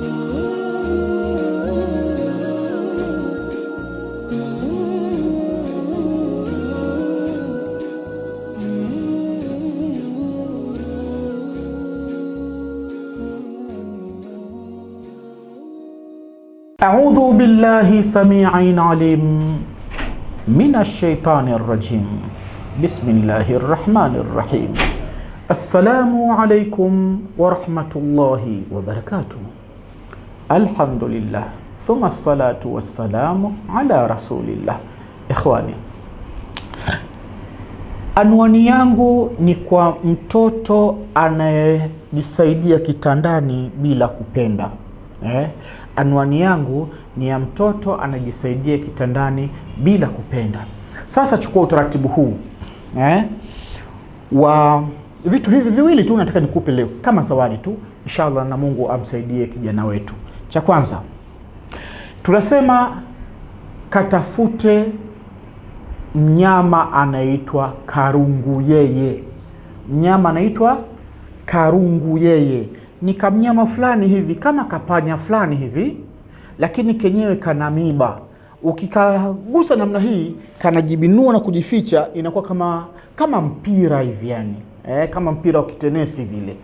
أعوذ بالله سميع عليم من الشيطان الرجيم بسم الله الرحمن الرحيم السلام عليكم ورحمة الله وبركاته Alhamdulillah thumma salatu wassalamu ala rasulillah. Ikhwani, anwani yangu ni kwa mtoto anayejisaidia kitandani bila kupenda. Eh, anwani yangu ni ya mtoto anajisaidia kitandani bila kupenda. Sasa chukua utaratibu huu eh, wa vitu hivi viwili tu nataka nikupe leo kama zawadi tu, inshallah, na Mungu amsaidie kijana wetu. Cha kwanza tunasema katafute mnyama anaitwa karungu yeye Mnyama anaitwa karungu yeye ni kamnyama fulani hivi kama kapanya fulani hivi, lakini kenyewe kana miba ukikagusa namna hii kanajibinua na kujificha, inakuwa kama kama mpira hivi yani, eh, kama mpira wa kitenesi vile.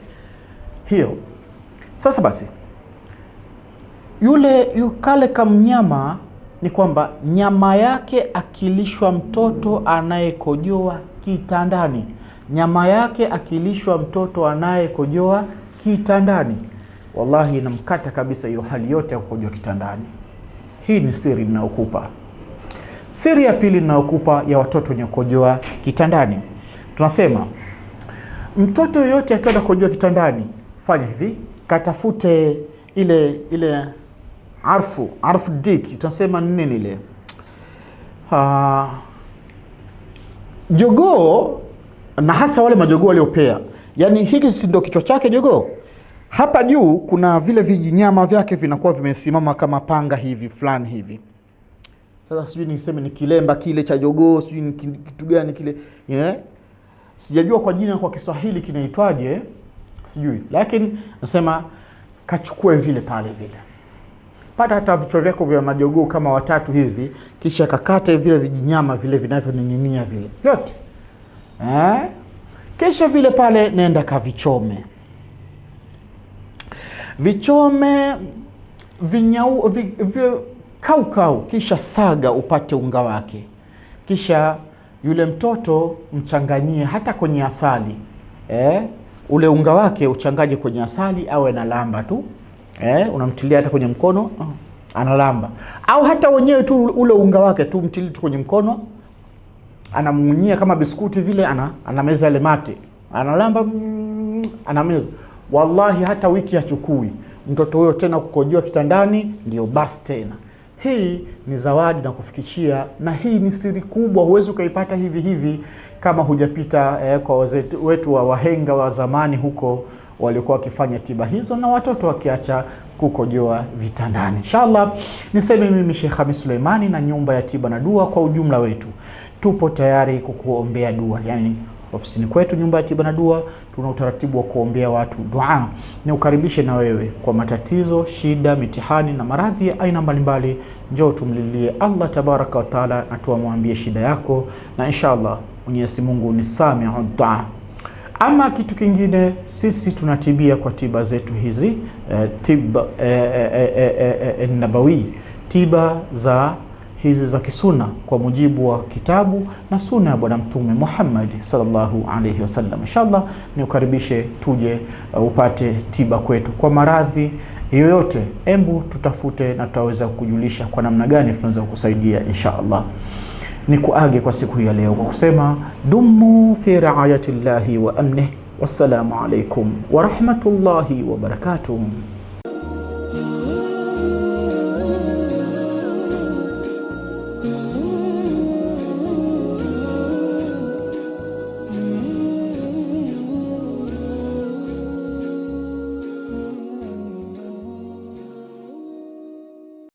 Hiyo sasa basi yule yukale mnyama ni kwamba nyama yake akilishwa mtoto anayekojoa kitandani, nyama yake akilishwa mtoto anayekojoa kitandani, wallahi inamkata kabisa hiyo hali yote ya kukojoa kitandani. Hii ni siri ninayokupa. Siri ya pili ninayokupa ya watoto wenye kukojoa kitandani, tunasema mtoto yoyote akiwa anakojoa kitandani, fanya hivi, katafute ile ile arfu arfu dik tunasema nini ile uh, jogoo na hasa wale majogoo waliopea, yani hiki si kichwa chake jogoo. Hapa juu kuna vile vijinyama vyake vinakuwa vimesimama kama panga hivi fulani hivi. Sasa sijui niseme ni kilemba kile cha jogoo, sijui ni kitu gani kile yeah. Sijajua kwa jina kwa Kiswahili kinaitwaje, sijui, lakini nasema kachukue vile pale vile pata hata vichwa vyako vya majogoo kama watatu hivi, kisha kakate vile vijinyama vile vinavyoning'inia vile vyote eh? Kisha vile pale nenda kavichome, vichome vinyau vi, vi, kaukau, kisha saga upate unga wake, kisha yule mtoto mchanganyie hata kwenye asali eh? Ule unga wake uchanganye kwenye asali, awe na lamba tu eh, unamtilia hata kwenye mkono oh, analamba, au hata wenyewe tu ule unga wake tu mtili tu kwenye mkono, anamunyia kama biskuti vile, ana anameza ile mate, analamba mm, anameza. Wallahi hata wiki hachukui mtoto huyo tena kukojoa kitandani, ndio basi tena. Hii ni zawadi na kufikishia, na hii ni siri kubwa, huwezi ukaipata hivi hivi kama hujapita eh, kwa wazetu, wetu wa wahenga wa zamani huko waliokuwa wakifanya tiba hizo na watoto wakiacha kukojoa vitandani. Inshallah, niseme mimi Sheikh Hamis Suleimani na nyumba ya tiba na dua kwa ujumla wetu tupo tayari kukuombea dua, yani ofisini kwetu nyumba ya tiba na dua tuna utaratibu wa kuombea watu dua. Ni ukaribishe na wewe kwa matatizo, shida, mitihani na maradhi ya aina mbalimbali, njoo tumlilie Allah tabaraka wa taala, na tuamwambie shida yako, na inshallah Mwenyezi Mungu ni samiu dua. Ama kitu kingine, sisi tunatibia kwa tiba zetu hizi e, tiba e, eh, e, eh, e, e, nabawi, tiba za hizi za kisuna kwa mujibu wa kitabu na suna ya Bwana Mtume Muhammad sallallahu alaihi wasallam. Inshallah ni ukaribishe tuje, uh, upate tiba kwetu kwa maradhi yoyote. Embu tutafute na tutaweza kujulisha kwa namna gani tunaweza kukusaidia inshallah ni kuage kwa siku ya leo kwa kusema dumu fi llahi wa amnih. Wassalamu alaikum wa wabarakatuh.